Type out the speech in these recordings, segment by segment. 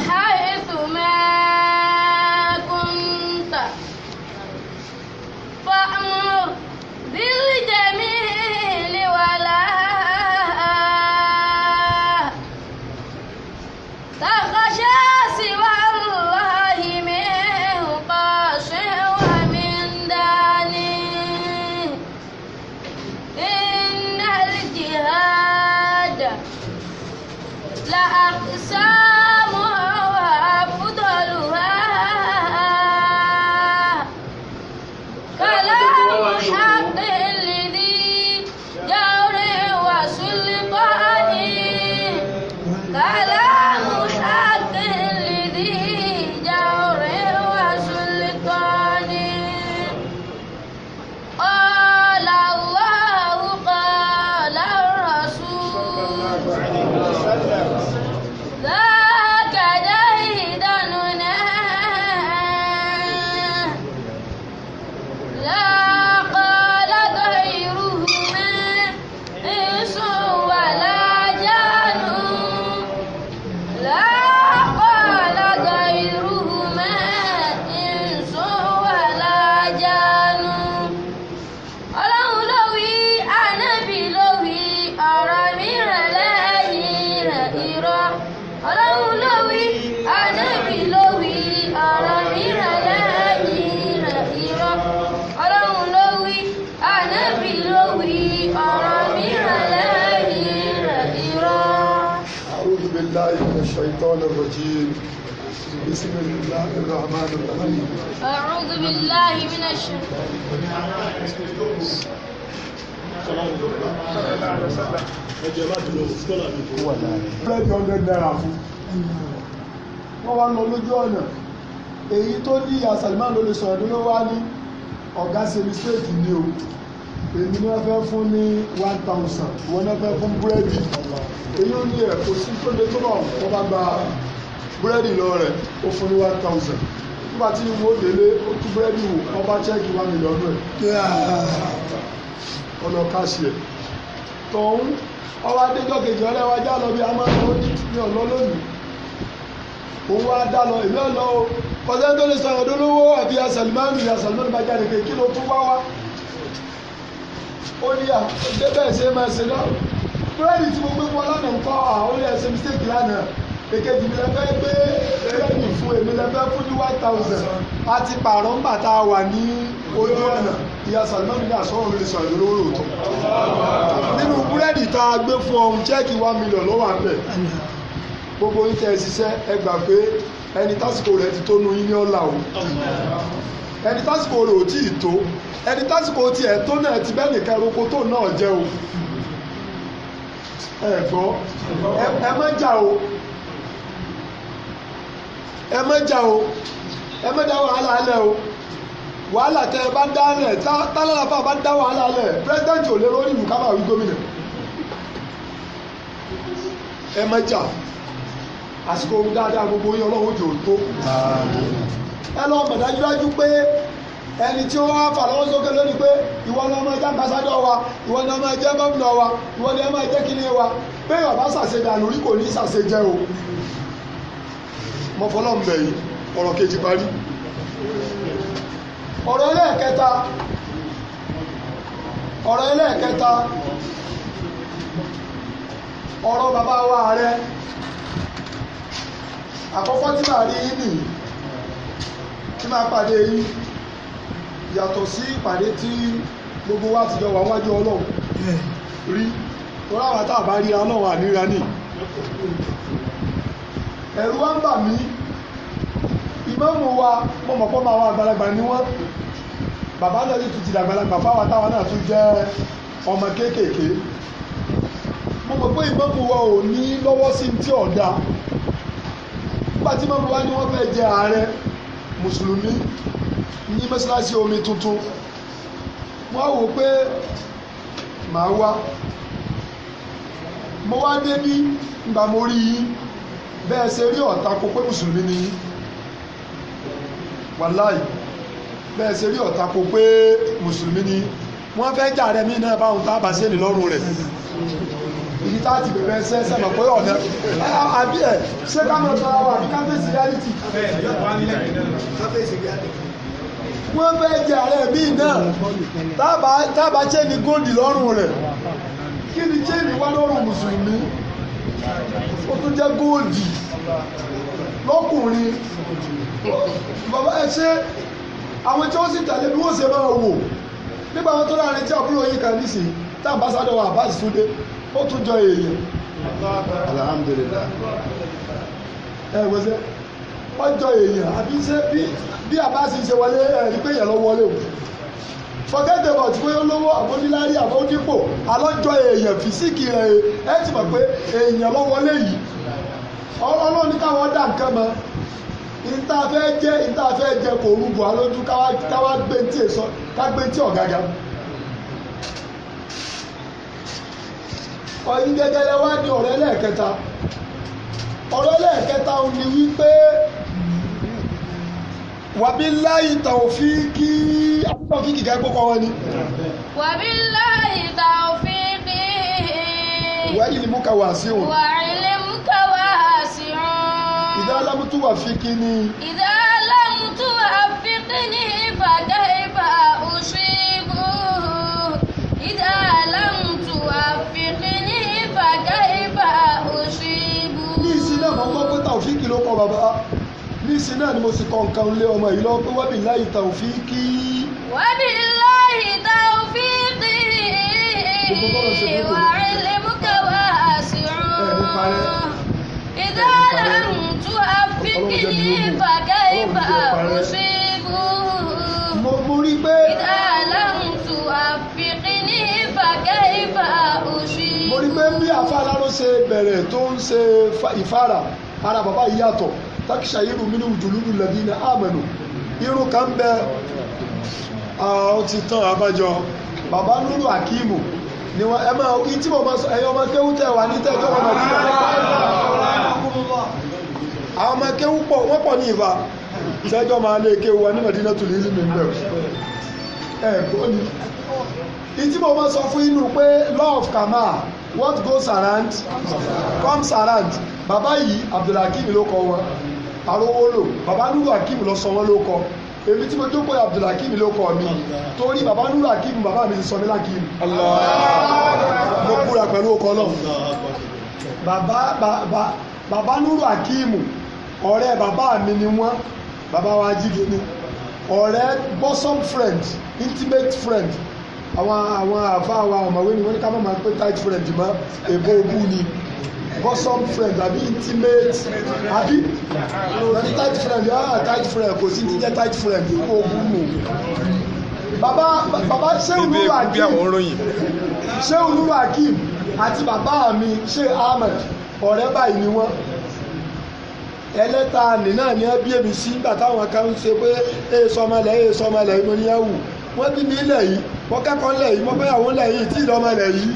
uh, الشيطان الرجيم بسم الله الرحمن الرحيم أعوذ بالله من الشيطان wọ́n wá lọ lójú èyí tó ní ìyá ló lè sọ̀rọ̀ ló wá ní ọ̀gá ṣe mistake ni o èmi ni wọ́n fẹ́ fún ní one wọ́n náà fẹ́ fún búrẹ́dì èyí ó ní ẹ̀ kò sí tó lé tó bá wọn bá gba búrẹ́dì lọ rẹ̀ ó fún ní one thousand nígbà tí mo délé ó tú búrẹ́dì wò wọ́n bá chẹ́ẹ̀kì one million rẹ̀ ọ̀nà káṣí ẹ̀ tọ̀hún ọwọ́ adéjọ́ kejì ọ̀rẹ́ wa já lọ bí a máa ń lọ ní ọ̀nà lónìí òun wá dá lọ ìlú ọ̀nà o ọ̀sẹ̀ tó lè sọ̀rọ̀ dólówó àbí asàlùmánù asàlùmánù bá jáde pé kí ló tún wá wá ó ní à bẹ́ẹ̀ ṣe máa ṣe náà búrẹ́dì tí mo gbé fún ọ lánàá nǹkan àwọn ilé ẹsẹ̀ mistake lánàá èkejì mi lẹ́fẹ́ gbé búrẹ́dì fún èmi lẹ́fẹ́ fún ní one thousand a ti pààrọ̀ ńgbà tá a wà ní ojú ọ̀nà ìyá sàlùmọ́ mi ní àsọ̀rọ̀ mi lè sọ̀rọ̀ lórí òótọ́ nínú búrẹ́dì tá a gbé fún ọ̀hún chẹ́ẹ̀kì one million ló wà ń bẹ̀ gbogbo yín tẹ́ ẹ ṣiṣẹ́ ẹ gbà pé ẹni tásìkò rẹ̀ ti tó nu yín ní ọ̀la o ẹni tásìkò rẹ̀ ò tí ì tó ẹni tásìkò tiẹ̀ tó náà ti bẹ́ẹ̀ nìkan ẹranko tó náà jẹ́ o ẹ̀gbọ́ ẹ má jà o ẹ má jà o ẹ má dá wàhálà alẹ́ o wàhálà tẹ ẹ bá dá alẹ́ tálálàfà bá dá wàhálà alẹ́ pírẹsidẹ́ǹtì ò lè lórí ìlú ká máa wí gómìnà ẹ má jà àsìkò dáadáa gbogbo yín ọlọ́run jò tó ẹ lọ́ọ́ mọ̀ dájúdájú pé. ẹni tí wọ́n fà lọ́wọ́ sókè lónìí pé ìwọ ni ọmọ ẹja ambassadọ wa ìwọ ni ọmọ ẹja gómìnà wa ìwọ ni ọmọ ẹja kìnìún wa pé ọba ṣàṣedànù rí kò ní ṣàṣejẹ o mo fọlọ́ mbẹ̀ yìí Ọrọ kejì parí Ọrọ ẹlẹ́ẹ̀kẹta ọ̀rọ̀ ẹlẹ́ẹ̀kẹta ọ̀rọ̀ bàbá wa ààrẹ àkọ́kọ́ tí màá rí yín nìyí tí màá pàdé yàtọ̀ sí ìpàdé tí gbogbo wa ti jọ wà wájú ọlọ́run rí torí àwọn tá a bá ríra náà wà níra ní. ẹ̀rù wa ń bà mí ìmáàmù wa mo mọ̀ pọ́ máa wà àgbàlagbà ni wọ́n bàbá náà sì tún ti dàgbàlagbà fáwọn táwọn náà tún jẹ́ ọmọ kéékèèké mo mọ̀ pé ìmáàmù wa ò ní lọ́wọ́ sí ti ọ̀dà nígbà tí ìmáàmù wa ni wọ́n fẹ́ jẹ ààrẹ mùsùlùmí ní mọ́ṣáláṣí omi tuntun wọ́n wò pé màá wá mo wá débí nígbà mo rí yín bẹ́ẹ̀ ṣe rí ọ̀tá kó pé mùsùlùmí ni yín wàláì bẹ́ẹ̀ ṣe rí ọ̀tá kó pé mùsùlùmí ni wọ́n fẹ́ jà rẹ mí náà báwọn tá a bá ṣe lè lọ́rùn rẹ̀ èyí tá a ti bẹ̀rẹ̀ ṣe ṣe mọ̀ pé ọ̀nà àbí ẹ̀ ṣé ká mọ̀ sọ́ra wa àbí ká fèsì reality. wọ́n fẹ́ jẹ ààrẹ míì náà tábà chéènì góòlì lọ́rùn rẹ̀ kí ni chéènì wá lọ́rùn mùsùlùmí ó tún jẹ́ góòlì lọ́kùnrin bàbá ẹ ṣe àwọn tí wọ́n sì tẹ̀lé bí wọ́n ṣe máa wò nígbà wọn tó láàrin tí àbúrò yìí kan ó Ọjọ èèyàn àbí ṣé bí bí àbáṣe ṣe wọlé ẹ̀rí pé èèyàn lọ wọlé o forget about bóyá olówó àbónílárí àbónípò alọ́jọ́ èèyàn fìsíkì ẹ̀ ti pé èèyàn lọ wọlé yìí ọlọ́run ní káwọn nǹkan ìta fẹ́ jẹ́ ìta fẹ́ jẹ́ kò alójú káwá gbé tí ká gbé tí ọ̀yin gẹ́gẹ́ lẹ́wọ́ wàbíláyì tàòfíìkì àtàòfíìkì kẹ́kọ̀ọ́ kọ́ wọn ni. wàbíláyì tàòfíìkì. wà ìlímù ka wà sí òun. wà ìlímù ka wà sí òun. ìdá alámùtú wà fíkì ni. ìdá ṣe náà ni mo sì kọ nǹkan lé ọmọ yìí lọ pé wábì láì tàòfíìkì. wábì láì tàòfíìkì ìwà ilé múkàwá àṣírùn ìdáhùn tún àfikì ìfàgà ìfà àmúṣíbù. mo mú rí pé. ìdáhùn tún àfikì ní ìfàgà ìfà àmúṣíbù. mo rí pé bí afárá ló ṣe bẹ̀rẹ̀ tó ń ṣe ìfárá ara bàbá yìí yàtọ̀ takṣà irun mi ní ìjòlúlù lẹ́bí ní àmẹ́nu irun kan bẹ ọ ti tán abájọ bàbá lúlù àkíìmù ni wọn ẹ máa kí tí mo máa sọ ẹyọ ọmọ kéwú tẹ wà ní tẹjọ wọn máa kíkọ àwọn ọmọ kéwú pọ̀ wọn pọ̀ ní ìfà tẹjọ máa lé kéwú wa ní Madina tó lè rí mi bẹ ẹ gbọ́ ni ìtí mo what goes around comes around bàbá yìí Abdulhakeem ló kọ wọn arówó lò bàbá nuru akeem lọ sọ wọn ló kọ èmi tí mo jókòó abdullahi akeem ló kọ mi torí bàbá nuru akeem bàbá mi ti sọ mí lákeem mo búra pẹ̀lú ọkọ náà bàbá bàbá nuru akeem ọ̀rẹ́ bàbá mi ni wọ́n bàbá wa jíde ni ọ̀rẹ́ bosom friend intimate friend àwọn àwọn àfa àwọn ọ̀mọ̀wé ni wọ́n ní ká má máa pé tight friend mọ́ èbó ogún ni bosom friend àbí intimate àbí lọ́ni tight friend yóò ah, hàn tight friend kò sí jíjẹ́ tight friend kó o kún un. bàbá bàbá seun lulu akeem seun lulu akeem àti bàbá mi ṣe ahmed ọ̀rẹ́ báyìí ni wọ́n ẹlẹ́ta nì náà ni ẹ bí èmi sí nígbà táwọn kan ń ṣe pé èè sọmọlẹ̀ èè sọmọlẹ̀ mo ní ẹ wù wọ́n bí mi ilẹ̀ yìí wọ́n kẹ́kọ̀ọ́ ilẹ̀ yìí wọ́n gbéyàwó ilẹ̀ yìí tí ìdánmọ̀lẹ̀ yìí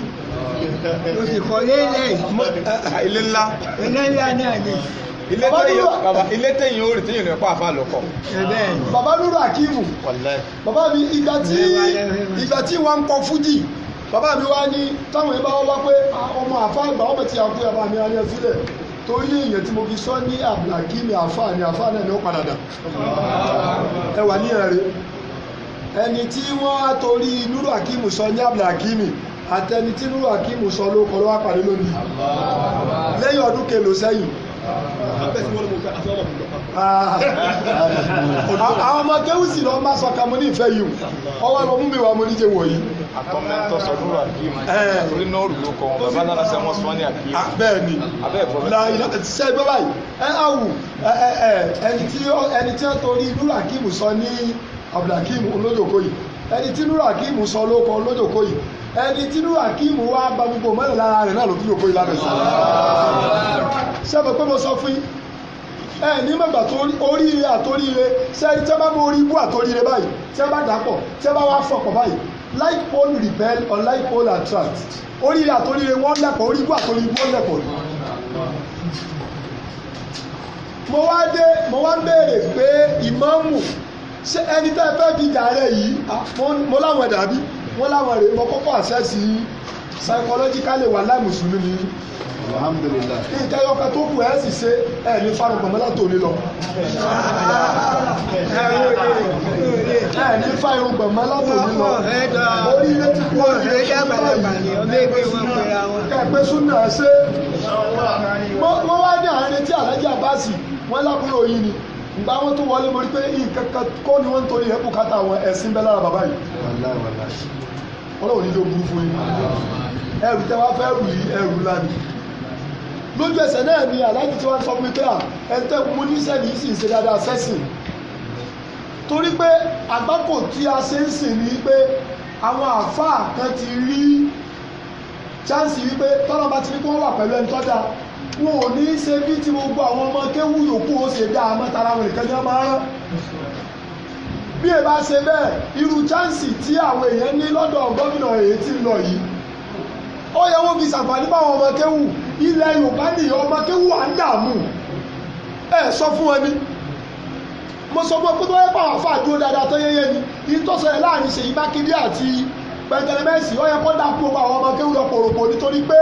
o sì kọ́ ilé eh, ilé ńlá ilé ńlá náà ni ilé tẹ̀yìn baba ilé tẹ̀yìn ó rè tẹ̀yìn rẹ̀ pa àfa lọ́kọ̀. baba nuru akimu baba mi ìgbà tí ìgbà tí wọn kọ fújì baba mi wá ní táwọn yẹn bá wá wá pé ọmọ àfa àgbà ọmọ tí a kú ẹ bá mi alẹ́ sílẹ̀ torí èèyàn tí mo fi sọ ní abdulhakeem ni àfa ni àfa náà ni ó padà dà ẹ wà ní ẹ̀rẹ́ ẹni tí wọ́n á torí nuru akimu sọ ní abdulhakeem àtẹni tínú akíìmù sọ ló kọ́ ló wá pàdé lónìí lẹ́yìn ọdún kelo sẹ́yìn. Ah, àwọn ọmọ kéwùsì lọ́ọ́ máa sọ kàmú ní ìfẹ́ yìí ọwọ́ lọ mú mi wà mo ní jẹ wọ̀nyí. àtọ́mẹ́tọ́ sọdún rà kí mu torí náà rù ló kọ́ wọn bàbá náà sẹ́wọ́n sọ ní àkí. Ah, bẹ́ẹ̀ ni ṣe gbé báyìí ẹ awù ẹni tí ó torí lúrà kí sọ ní abdulhakeem olójoko ẹni tí lúrà kí sọ ló kọ olójoko ẹni tínú akeem wá ba gbogbo mọ́lẹ̀ lára rẹ̀ náà ló fi òkú ìlànà sí. sẹ́mi pé mo sọ fún ẹ ní mọ̀gbà tó oríire àtóríire sẹ́ni tí wọ́n bá mú orí ibú àtóríire báyìí tí wọ́n bá dàpọ̀ tí wọ́n bá wá fọ̀pọ̀ báyìí like pole rebel or like pole attract oríire àtóríire wọ́n lẹ̀pọ̀ orí ibú àtóríire wọ́n lẹ̀pọ̀ ni mo wá dé mo wá béèrè pé ìmáàmù ṣé ẹni tẹ́ fẹ́ fi dàrẹ́ yìí ah, mo láwọn ẹ̀dà wọ́n láwọn rèé wọ́n kọ́kọ́ àṣẹ́sì psychologically wà láì mùsùlùmí ni alhamdulilayi nǹkan yọkan tó kù ẹ sì ṣe ẹ ní farun gbọmọlá tó ní lọ ẹ ní fa irun gbọmọlá tó ní lọ orí ilé tí kú orí ilé yá báyìí ẹ pé súnà ṣe wọ́n wá ní àárín tí alájà bá sì wọ́n lábúrò yìí ni ìgbà wọn tó wọlé mo rí pé nǹkan kan kọ́ ni wọ́n ń torí ẹ̀ bùkátà àwọn ẹ̀sìn bẹ́ẹ̀ lára bàbá yìí láì wà ọlọ́run lójú ẹsẹ̀ náà ni aláàjì tí wọ́n sọ pé à ẹ tẹ́ ní sẹ́ni yìí sì ń sẹ́sìn torí pé àgbákò tí a ṣe ń sìn ni pé àwọn àáfàá kan ti rí chance wípé tọ́lọ́ ti ní kí wà pẹ̀lú ẹni tọ́jà wọn ò ní ṣe bí ti gbogbo àwọn ọmọ kéwú yòókù ó ṣe dáa mọ́tara wọn ìkẹ́jọ́ máa rán bí ẹ bá ṣe bẹ́ẹ̀ irú chánsì tí àwọn èèyàn ní lọ́dọ̀ gómìnà èyí ti lọ yìí ó yẹ wọ́n fi ṣàǹfààní báwọn ọmọ kéwù ilẹ̀ yorùbá nìyí ọmọ kéwù à ń dààmú ẹ sọ fún ẹni mo sọ fún ẹ pé tó yẹ pàwọn àfa àdúró dáadáa tó yẹyẹ ni ìtọ́sọ̀rẹ́ láàrin Ṣèyí Mákindé àti pẹ̀tẹ̀lẹ́mẹ́sì ó yẹ kó dàpọ̀ gbogbo àwọn ọmọ kéwù lọ pòròpò nítorí pé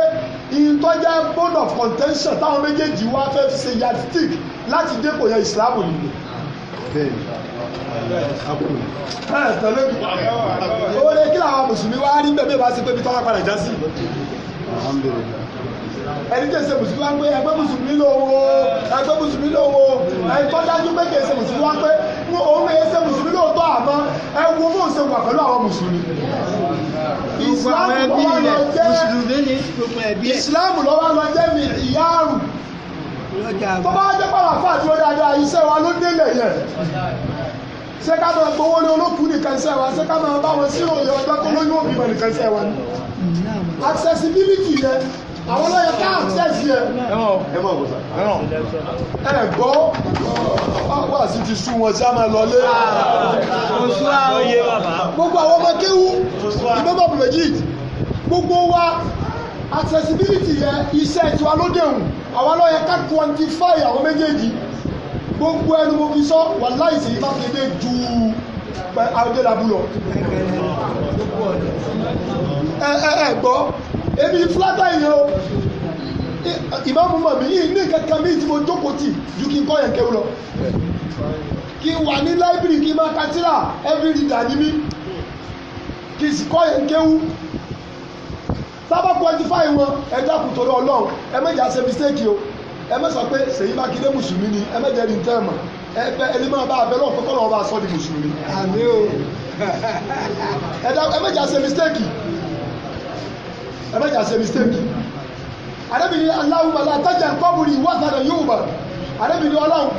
ìtọ́jẹ́ bone of contention táwọn méjèèjì wá fẹ́ fi ṣe yardstick láti dépò yẹn ìsìlámù nìyẹn ó lè kí làwọn mùsùlùmí wá rí bẹ́ẹ̀ bá ṣe pé bí tọ́wọ́ padà já sí ẹni tẹ̀ ṣe mùsùlùmí wá pé ẹgbẹ́ mùsùlùmí lówó ẹgbẹ́ mùsùlùmí lówó ẹni tó dájú pé kì í ṣe mùsùlùmí wá pé òun kì í ṣe mùsùlùmí lóòótọ́ àmọ́ ẹ wo bóun ṣe wà pẹ̀lú àwọn mùsùlùmí. ìsìláàmù lọ́wọ́ lọ jẹ́ ìsìláàmù lọ́wọ́ lọ jẹ́ mi ìyáàrù tó bá jẹ́ pàlàfà àti ó dáadáa iṣẹ́ wa ló ṣé ká máa gbowó lé olókù nìkan ṣe wa ṣé ká máa bá wọn sírò yọ ọjọ́ tó lóyún òbí mọ̀ nìkan ṣe wa ni. accessibility yẹn àwọn lọ́yẹ ká access yẹn. ẹ gbọ́ ọ̀pọ̀ àti ti sún wọn sá máa lọlé. gbogbo àwọn ọmọ kéwú ìmọ̀mọ̀ bùrẹ̀jì gbogbo wa accessibility yẹn iṣẹ́ tiwa ló dẹ̀hùn àwọn lọ́yẹ ká quantify àwọn méjèèjì gbogbo ẹnu mo fi sọ wà láìsí ìtàkéde ju àwòdélabu lọ. ẹ ẹ ẹ gbọ́ èmi fúlátà yìí o ìmáàmù mọ̀ mí ní kankan mi tí mo jókòó tì ju kí n kọ́ yẹn kéwú lọ kí n wà ní láìbírì kí n máa katira every reader ni mí kí n sì kọ́ yẹn kéwú sábà kọ́ ẹtí fáìwọ̀n ẹ̀dá kùtòrò ọlọ́run ẹ méjì àṣẹ mistake o ẹ má sọ pé Ṣèyí Mákindé mùsùlùmí ni ẹ má jẹ́ ní tẹ́ ẹ mọ̀ ẹ bẹ ẹni máa bá abẹ lọ́wọ́ kọ́kọ́ lọ́wọ́ bá sọ di mùsùlùmí. àmín o. ẹ dá ẹ má jà ṣe mistake ẹ má jà ṣe mistake. àdébìnrin aláwùmọ̀ látàjà kọ́bùrì wàtàdà yóò bà àdébìnrin ọlọ́run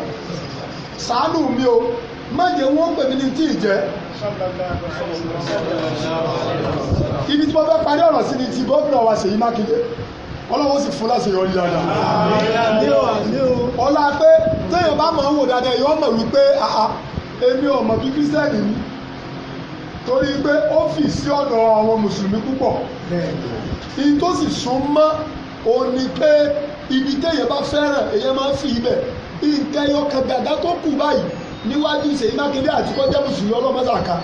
ṣàánú mi o má jẹ́ wọ́n pè mí ní tí ì jẹ́ ibi tí mo fẹ́ parí ọ̀rọ̀ sí ni ti gómìnà wa Ṣèyí Mákindé ọlọ́wọ́ sì fún láṣeyọrí dáadáa ọlá pé téèyàn bá máa ń wò dáadáa yóò mọ̀ wípé èmi ò mọ̀ bí kírísítẹ́nì ni torí pé ó fi sí ọ̀dọ̀ àwọn mùsùlùmí púpọ̀ ní tó sì sún mọ́ òun ni pé ibi téèyàn bá fẹ́ràn èèyàn máa ń fi ibẹ̀ nǹkan ẹyọ kan gàdá tó kù báyìí níwájú Ṣèyí Mákindé àti kọjá mùsùlùmí ọlọ́mọdàkà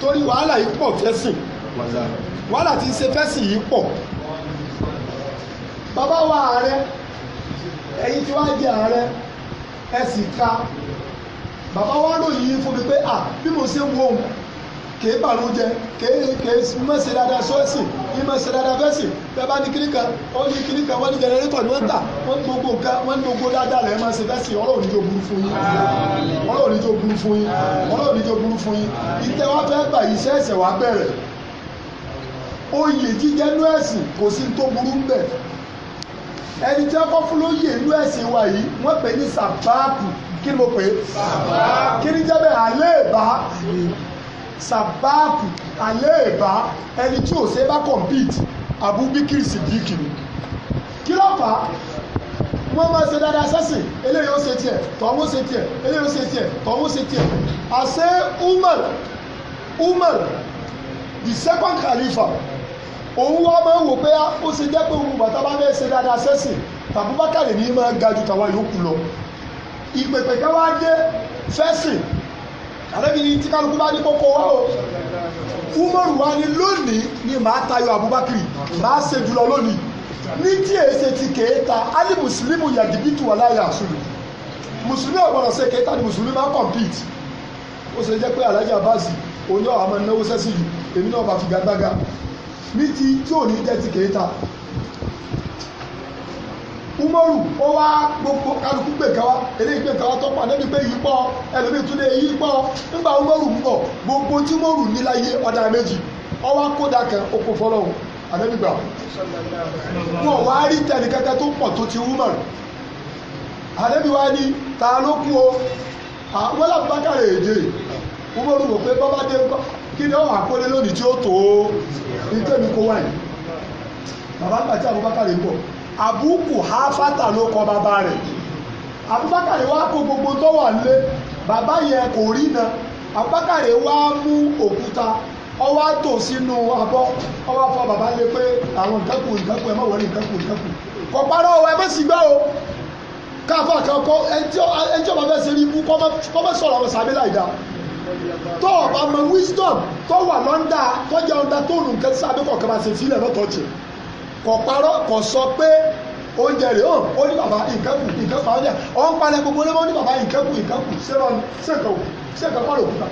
torí wàhálà yìí pọ̀ fẹ́sìn wàhálà tí ń ṣe fẹ́sìn yìí pọ̀ bàbá wa ààrẹ ẹ̀yin tí wàá jẹ ààrẹ ẹ sì ka bàbá wa ròyìn fún pé à bí mo ṣe wo òun kèé bàlújẹ kèé kèé mẹsẹ dáadáa sọẹsì yìí mẹsẹ dáadáa fẹsì bẹ́ẹ̀ bá ní kiri kan ó ní kiri kan wọn ní jẹnẹrétọ ni wọn ta wọn ní gbogbo nǹkan wọn ní gbogbo dáadáa rẹ mẹsẹ fẹsì ọ̀rọ̀ òní jó burú fún yín ọ̀rọ̀ òní jó burú fún yín ọ̀rọ̀ òní jó burú fún yín ìtẹ wa fẹ́ gbà yìí iṣẹ́ ẹsẹ wa bẹ̀rẹ̀ oyè jíjẹ nú kò sí tó burú ń ẹni tí wọ́n kọ́ fún lóyè ìlú ẹ̀sìn wa yìí wọ́n pè ní sàbáàpù kí ni mo pè é kí ni jẹ́bẹ̀ àléèbá sàbáàpù àléèbá ẹni tí ò ṣe bá compete Abubakar Siddiq ni kí ló fà á wọ́n máa ṣe dáadáa sẹ́sìn eléyìí ó ṣe tiẹ̀ tọ́wọ́ ṣe tiẹ̀ eléyìí ó ṣe tiẹ̀ tọ́wọ́ ṣe tiẹ̀ àṣẹ Umar Umar the second Khalifa òun wá máa ń wò pé ah, ó ṣe jẹ́ pé òun bàtà bá fẹ́ ṣe dáadáa sẹ́sìn Abubakar ní máa ga ju tàwọn yòókù lọ ìpèpè kan wá dé fẹ́sìn àrẹ́bí tí kálukú bá ní kókó wá o Umaru wa ni lónìí ni màá tayọ Abubakar màá ṣe jùlọ lónìí ní tí èsè ti kèéta ali muslimu yadibitu wà láyé àṣùlù mùsùlùmí ọ̀gbọ̀nà ṣe kèéta ni mùsùlùmí máa ń compete ó ṣe jẹ́ pé alájà báàsì òun yóò àmọ́ náwó sẹ́sìn yìí èmi náà bá fi gbàgbága ní ti tí ò ní jẹ́ ti kèéta umaru ó wá gbogbo kálukú gbèkáwá eléyìí gbèkáwá tọ́pọ̀ àdébí pé yìí pọ̀ ẹlòmíì tún lè yí pọ̀ nígbà umaru ń bọ̀ gbogbo tí umaru ní láyé ọ̀dà méjì ọwọ́ kódà kan oko fọlọ́hún àdébí gbà wá rí tó pọ̀ tó ti umaru àdébí wá ní ta ló kú o èdè umaru kí ni ó wà kólé lónìí tí ó tó nítorí kó wà yìí bàbá ń gbàtí Abubakar ń bọ̀ àbúkù háfátà ló kọ bàbá rẹ̀ Abubakar wá kó gbogbo tó wà lé bàbá yẹn kò rí na Abubakar wá mú òkúta ọwọ́ àtò sínú abọ́ ọwọ́ afọ bàbá lé pé àwọn nǹkan kù nǹkan kù ẹ má wọlé nǹkan kù nǹkan kù kò parọ́ ọ ẹ má sì gbọ́ o káfọ́ àkàkọ́ ẹjọ́ bàbá ẹ ṣe rí ibú kọ́ mọ́ sọ̀rọ̀ tó o bá mọ wisdom tó wà lọ́ndà tó jẹ́ ọ̀ndà tó rùn kẹ́ sábẹ́ kọ̀ọ̀kan bá ṣe sílẹ̀ lọ́tọ̀ jẹ kọ̀ parọ́ kọ̀ sọ pé oúnjẹ rẹ̀ hàn ó ní bàbá nǹkan kù nǹkan pa ọjà ọ̀ ń palẹ̀ gbogbo lẹ́mọ́ ní bàbá nǹkan kù nǹkan kù sẹ́kàn pàrọ̀ òkúta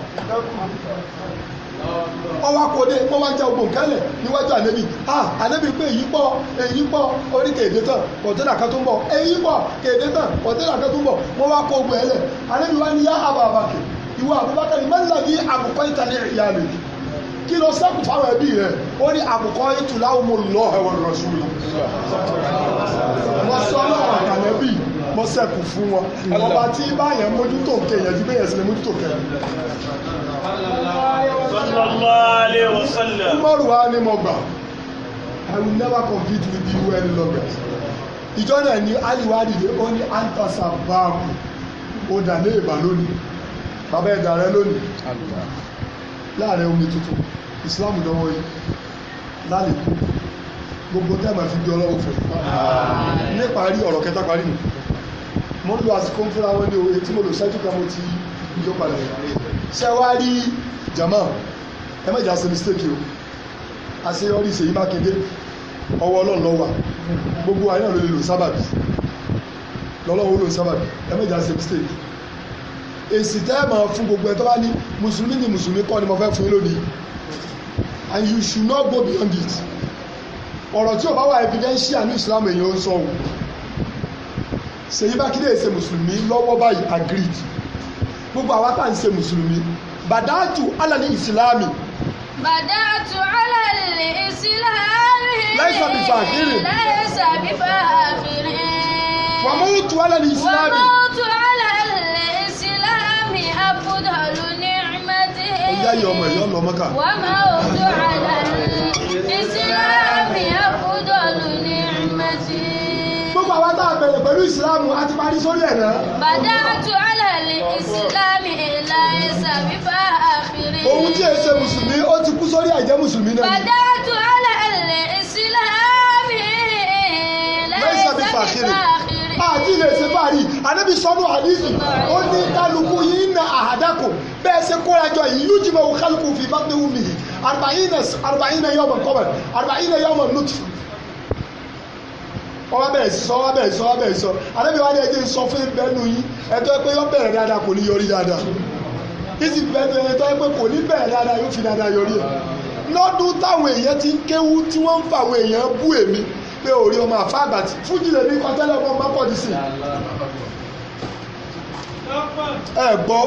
ọwọ́ akọ̀dé kọ́ wá jẹ́ ogun kẹ́lẹ̀ níwájú ànẹ́bí ah ànẹ́bí pé èyí pọ̀ èyí pọ̀ orí kèdè tán kọ̀tẹ́nà kan tó ń bọ̀ èyí pọ̀ kèdè tán kọ̀tẹ́nà kan tó ń bọ̀ wọ́n wá kó ogun ẹ̀lẹ̀ ànẹ́bí wá ní yá àbàbàkè ìwọ Abubakar mẹ́lẹ́bí àbùkọ́ ìtàlẹ̀ ìyáàlè kí lọ sẹ́kù fáwọn ẹbí rẹ̀ ó ní àbùkọ́ ìtùlá ọmọ lọ ẹ̀wọ̀n rọ̀ṣù lọ. wọ́n sọ náà àtàlẹ́ bí sẹ́kù fún wọn ọba tí báyẹn mójútó nkè yẹn ju bẹ́yẹn sílẹ̀ mójútó kẹ́. Umaru ni I will never compete with you any longer. Ìjọ náà ni Aliwa dìde ó ní Antasa báàmù ó ní ìbàlónìí bàbá ẹ̀dà rẹ lónìí láàrin omi tuntun Islam dánwọ́ yìí lálẹ́kùn gbogbo tẹ́mà fi di ọlọ́run fún ní parí ọ̀rọ̀ kẹta parí nù mo ń lo àsìkò ń fúnra wọn ní oye tí mo lò ṣẹ́jú kan mo ti yọ padà ṣẹ́wárí jama ẹ mẹ́jà ṣe mistake o àṣeyọrí Ṣèyí Mákindé ọwọ́ ọlọ́run ló wà gbogbo ayé náà ló lè lò sábàbí lọ́lọ́run ló lò sábàbí ẹ mẹ́jà ṣe mistake èsì tẹ́ máa fún gbogbo ẹ̀ tó bá ní mùsùlùmí ni mùsùlùmí kọ́ ni mo fẹ́ fún yín lónìí and you should not go beyond it ọ̀rọ̀ tí o bá wà evidential ní Islam èèyàn ń sọ o Ṣèyí Mákindé ṣe mùsùlùmí lọ́wọ́ báyìí agreed gbogbo àwa tá à ń ṣe mùsùlùmí bàdáàtù alàlí ìsìlámì. bàdáàtù alàlí ìsìlámì. lẹ́sà bí fàákìrì. lẹ́sà bí fàákìrì. wàmúùtù alàlí ìsìlámì. wàmúùtù alàlí ìsìlámì. yá yọ ọmọ yọ lọ mọ́kà. wà á máa ojú àlà ìsìláàmù yẹn fúdọ̀ lù ní ìmẹ̀tì. gbogbo àwọn tá a bẹ̀rẹ̀ pẹ̀lú ìsìláàmù a ti parí sórí ẹ̀ náà. bàdá àtú àlàlẹ̀ ìsìláàmù ìlà ẹ̀sà fífà àkìrí. ti kú sórí àìjẹ́ mùsùlùmí náà. bàdá àtú àlàlẹ̀ ìsìláàmù ìlà ẹ̀sà àti ilé ṣe fàárì anábì sọ́nù àdìsí ó ní kálukú yìí na àhádákò bẹ́ẹ̀ ṣe kóra jọ yìí yóò jìmọ̀ wò kálukú fi bá tẹ̀wù mi yìí àrùbáyìnà yọ̀mọ̀ kọ́mọ̀ àrùbáyìnà yọ̀mọ̀ lùtù wọ́n bá bẹ̀rẹ̀ sọ wọ́n bẹ̀rẹ̀ sọ wọ́n bẹ̀rẹ̀ sọ anábì wa ni ẹjẹ́ sọ fún ìbẹ́nu yín ẹ̀tọ́ pé yọ bẹ̀rẹ̀ dáadáa kò ní yọrí dáadáa ìsì bẹ́ẹ̀nu ẹ̀tọ́ pé kò ní bẹ̀rẹ̀ dáadáa yóò fi dáadáa yọrí ẹ̀ lọ́dún táwọn èèyàn ti ń kéwú tí wọ́n ń fa àwọn èèyàn bú èmi pé orí ọmọ àfa àgbà tí fújì lè ní kọjálẹ̀ ọmọ ọmọ pọ̀ nísìn. ẹ gbọ́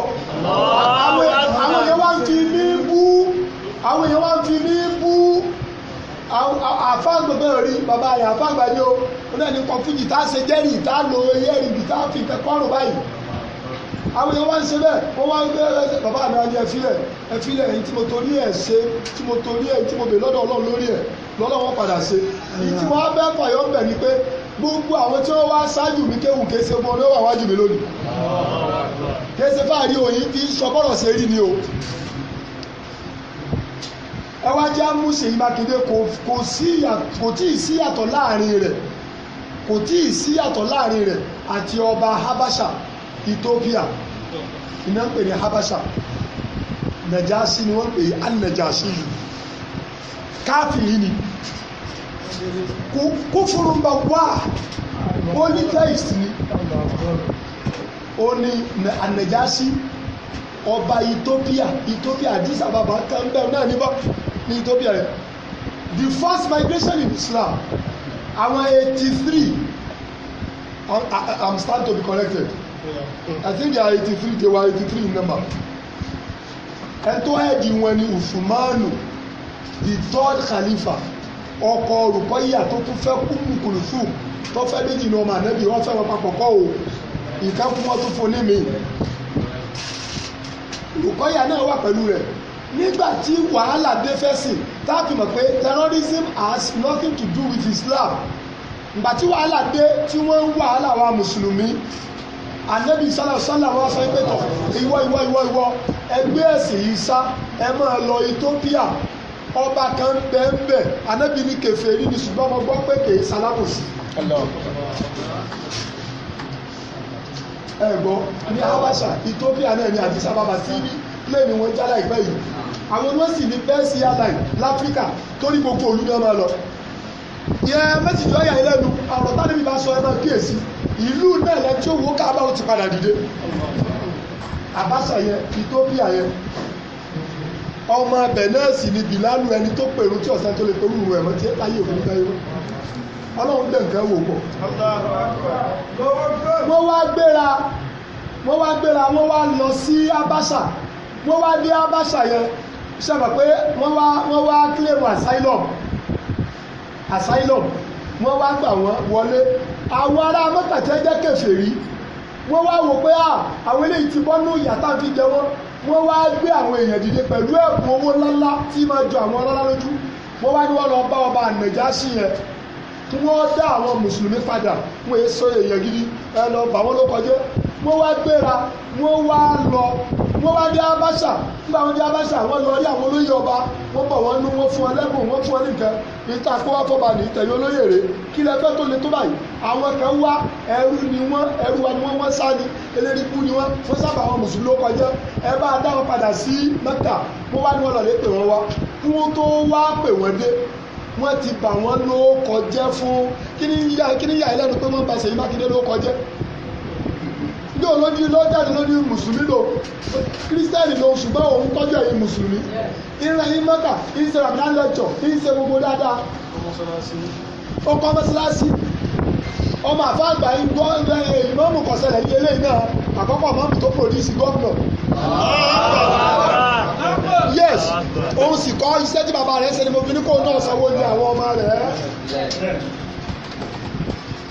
àwọn èèyàn wá ń fi ní bú àwọn èèyàn wá ń fi ní bú àfa gbogbo rí bàbá rẹ̀ àfa àgbà ni ó náà ní kọ fújì tá a ṣe jẹ́rìí tá a lo eyé rìbì tá a fi kẹ́kọ̀ọ́ rò báyìí àwọn èèyàn wá ń ṣe bẹ́ẹ̀ wọ́n wá ń gbé bàbá mi ayé ẹ̀fílẹ̀ ẹ̀fílẹ̀ èyí tí mo torí ẹ̀ ṣe tí mo torí ẹ̀ tí mo bè lọ́dọ̀ ọlọ́run lórí ẹ̀ lọ́lọ́wọ́ padà ṣe èyí tí wọ́n á bẹ́ẹ̀ fàyọ́ bẹ̀ ni pé gbogbo àwọn tí wọ́n wá ṣáájú mi kéwù kése fún ọ ló wà wájú mi lónìí kése fáàrí òyìn fi sọ bọ́rọ̀ ṣe rí ni o ẹ wá já mú Ṣèyí Mákindé kò tí ì síyàtọ̀ láàrin rẹ̀ kò tí ì síyàtọ̀ láàrin rẹ̀ àti ọba Habasha Ethiopia iná pè ní Habasha Najasi ni wọ́n pè ní An-Najasi yìí káfìrí ni kúfúrú bá wà polytheist ni ó ní An-Najasi ọba Ethiopia Ethiopia Addis Ababa kan bẹ́ẹ̀ náà níbọ̀ ní Ethiopia rẹ̀ the first migration in Islam àwọn 83. I'm starting to be collected. I think they are 83. they were 83 in number And tó ẹ̀dì wọn ni Usmanu the third khalifa ọkọ Rukayya tó tún fẹ́ kú mùkùlùfù tó fẹ́ méjì ní ọmọ ànábì wọ́n fẹ́ wọn papọ̀ kọ́ o ìkẹ́kùn wọn tún fún ní mi Rukayya náà wà pẹ̀lú rẹ̀ nígbà tí wàhálà dé fẹ́sìn táàbì mọ̀ pé terrorism has nothing to do with Islam ìgbà tí wàhálà dé tí wọ́n ń wàhálà wa mùsùlùmí anabi sálà sálà wá sọ pé tọ̀ ìwọ ìwọ ìwọ ìwọ ẹgbẹ́ ẹ̀sìn yìí sá ẹ máa lọ Ethiopia ọba kan bẹ́ẹ̀ bẹ́ẹ̀ anabi ní kèfèrí ni ṣùgbọ́n mo gbọ́ pé kèé sálámù sí ẹ̀gbọ́ ní Habasha Ethiopia náà ní Addis Ababa tí pléènì wọn jálá ìpẹ́ yìí àwọn oníwọ̀n sì ní bẹ́ẹ̀ sí airline láfíríkà torí gbogbo olùdó máa lọ ìyẹn méjì tó yà ilé nu ọ̀rọ̀ tá níbi bá sọ ẹran kíyèsí ìlú náà lẹ tí ó wo káàbá ó ti padà dìde àbáṣà yẹn Ethiopia yẹn ọmọ abẹ náà sì ni bìlánù ẹni tó pèrú tí ọ̀sán tó lè pé wùwù ẹ̀mọ́ tí láyé òkú báyé wọn ọlọ́run dẹ̀ nǹkan wò pọ̀ wọ́n wá gbéra wọ́n wá lọ sí abáṣà wọ́n wá dé abáṣà yẹn ṣe pé wọ́n wá wọ́n asylum asylum wọ́n wá gbà wọ́n wọlé àwọn ará mọ́tàtẹ́ jẹ́ kèfèrí wọ́n wá wò pé àwọn eléyìí ti bọ́ nù yàtá fi jẹ wọ́n wọ́n wá gbé àwọn èèyàn dìde pẹ̀lú ẹ̀bùn owó ńláńlá tí máa jọ àwọn ọlọ́lá lójú wọ́n wá ní wọ́n lọ bá ọba ànàjáṣì yẹn kí wọ́n dá àwọn mùsùlùmí padà wọ́n èso èèyàn gidi ẹ lọ bà wọ́n ló kọjá wọ́n wá gbéra wọ́n wá lọ wọ́n wá dé abáṣà nígbà wọ́n dé abáṣà wọ́n lọ rí àwọn olóyè ọba wọ́n bọ̀ wọ́n nú wọ́n fún ọ lẹ́bùn wọ́n fún ọ nìkan ìta kó wá fọba ní ìtẹ̀yẹ olóyè rẹ̀ kí lẹ fẹ́ tó le tó báyìí àwọn kan wá ẹrú ni wọ́n ẹrú wa ni wọ́n wọ́n sá ni eléríkú ni wọ́n fún sábà àwọn mùsùlùmí ló kọjá ẹ bá dá wọn padà sí Mẹ́kà wọ́n wá ní wọn lọ́lẹ́ pè wọ́n ti bà wọ́n ló kọjẹ́ fún kí ni yà ẹlẹ́nu pé wọ́n ba Ṣèyí Mákindé ló kọjẹ́ òun lójú ló jáde mùsùlùmí lò kírísítẹ́nì lò ṣùgbọ́n òun tọ́jú ẹ̀yin mùsùlùmí ìran yín mọ́kà ìṣe ramadan lẹ́tọ̀ ìṣe gbogbo dáadáa ó kọ́ ọmọ àfa àgbà yín gbọ́ ìmọ̀ọ́mù kọ̀sẹ̀lẹ̀ ní eléyìí náà àkọ́kọ́ ìmọ̀ọ́mù tó pòdúsì gọ́ọ̀nà yes òun sì kọ́ iṣẹ́ tí bàbá rẹ̀ ṣe ni mo fi ní kó náà sanwó ní àwọn ọmọ rẹ̀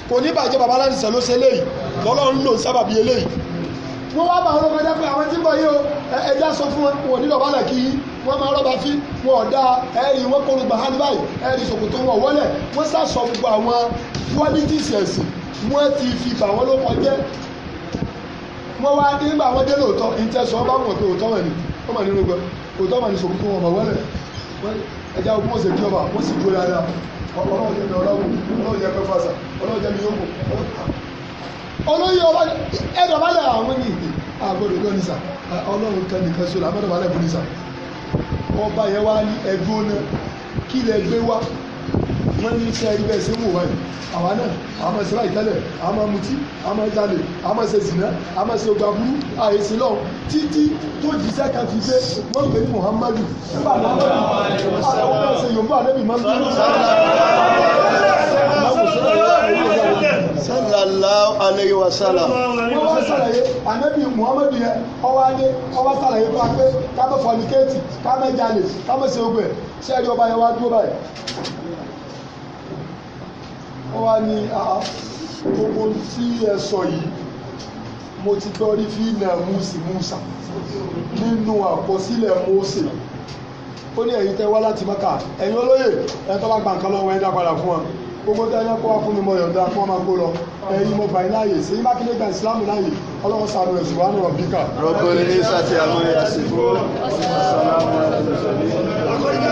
kò ní bàjẹ́ bàbá láti sẹ̀ ló ṣe léyìí lọ́lọ́run lò ń sábàbí eléyìí wọ́n wá bá àwọn ọmọ ẹja pé àwọn tí ń bọ̀ yìí o ẹja sọ fún wọn wọn nílò balẹ̀ kí wọ́n máa rọ́bà fi wọn ọ̀dà ẹ̀rì wọn kọlu gbà hàn báyìí ẹ̀rì ṣòkòtò wọn wọlé wọ́n sàṣọ gbogbo àwọn qualities ẹ̀sìn wọ́n ti fi bà wọ́n ló kọjẹ́ wọ́n wá dé nígbà wọ́n dé lóòótọ́ ìtẹ̀sọ́ bá wọn pé òótọ́ wọn ni wọ́n mà nínú gbẹ òótọ́ wọn ni ṣòkòtò wọn bà wọlé ẹja olóyè ọlọ́ni ẹ̀dọ̀bálẹ̀ àwọn ní ìdí àgbọ̀dọ̀ lọ ní sà ọlọ́run kan nìkan ṣọlá àbọ̀dọ̀bálẹ̀ fún ní sà ọba yẹn wá ní ẹgbẹ́ ọ̀nà kí lẹ gbé wá wọ́n ní iṣẹ́ ibẹ̀ ṣe ń wò wáyé àwa náà àmọ́ ìṣẹ́lá ìtẹ́lẹ̀ àmọ́ mutí àmọ́ jalè àmọ́ ṣe sìnà àmọ́ ṣe gba burú àìsí lọ títí tó jíṣẹ́ kan fi dé wọ́n pè ní Muhammadu nígbà náà àwọn ọmọ ẹ̀sẹ̀ Yorùbá àdébì máa ń bí sallallahu alayhi wa sallam. wọ́n wá sàlàyé anabi muhammadu yẹn ọwọ́ adé ọwọ́ sàlàyé fún wa pé ká má fọnikéètì ká má jalè ká má ṣe ogun ẹ̀ ṣé ẹni ọba yẹn wá dúró báyìí. wọ́n wá ní gbogbo tí ẹ sọ yìí mo ti gbọ́ rí fíìnà mùsì mùsà nínú àkọsílẹ̀ mọ́ọ̀sì ó ní ẹ̀yin tẹ́ wá láti mọ́kà ẹ̀yin olóyè ẹ̀ tó bá gba lọ́wọ́ ẹ̀ dá padà fún wa gbogbo tẹ́lẹ̀ kó wá fún mi mọ yọ̀ǹda fún ọmọ kó lọ ẹ̀yin mo gbà láàyè sí yín mákindé gba ìsìlámù láàyè ọlọ́run sànù rẹ̀ ṣùgbọ́n àrùn ọ̀bíkà. rọ́gbọ́n ní sàtì àmúyẹ àsìkò ọ̀sán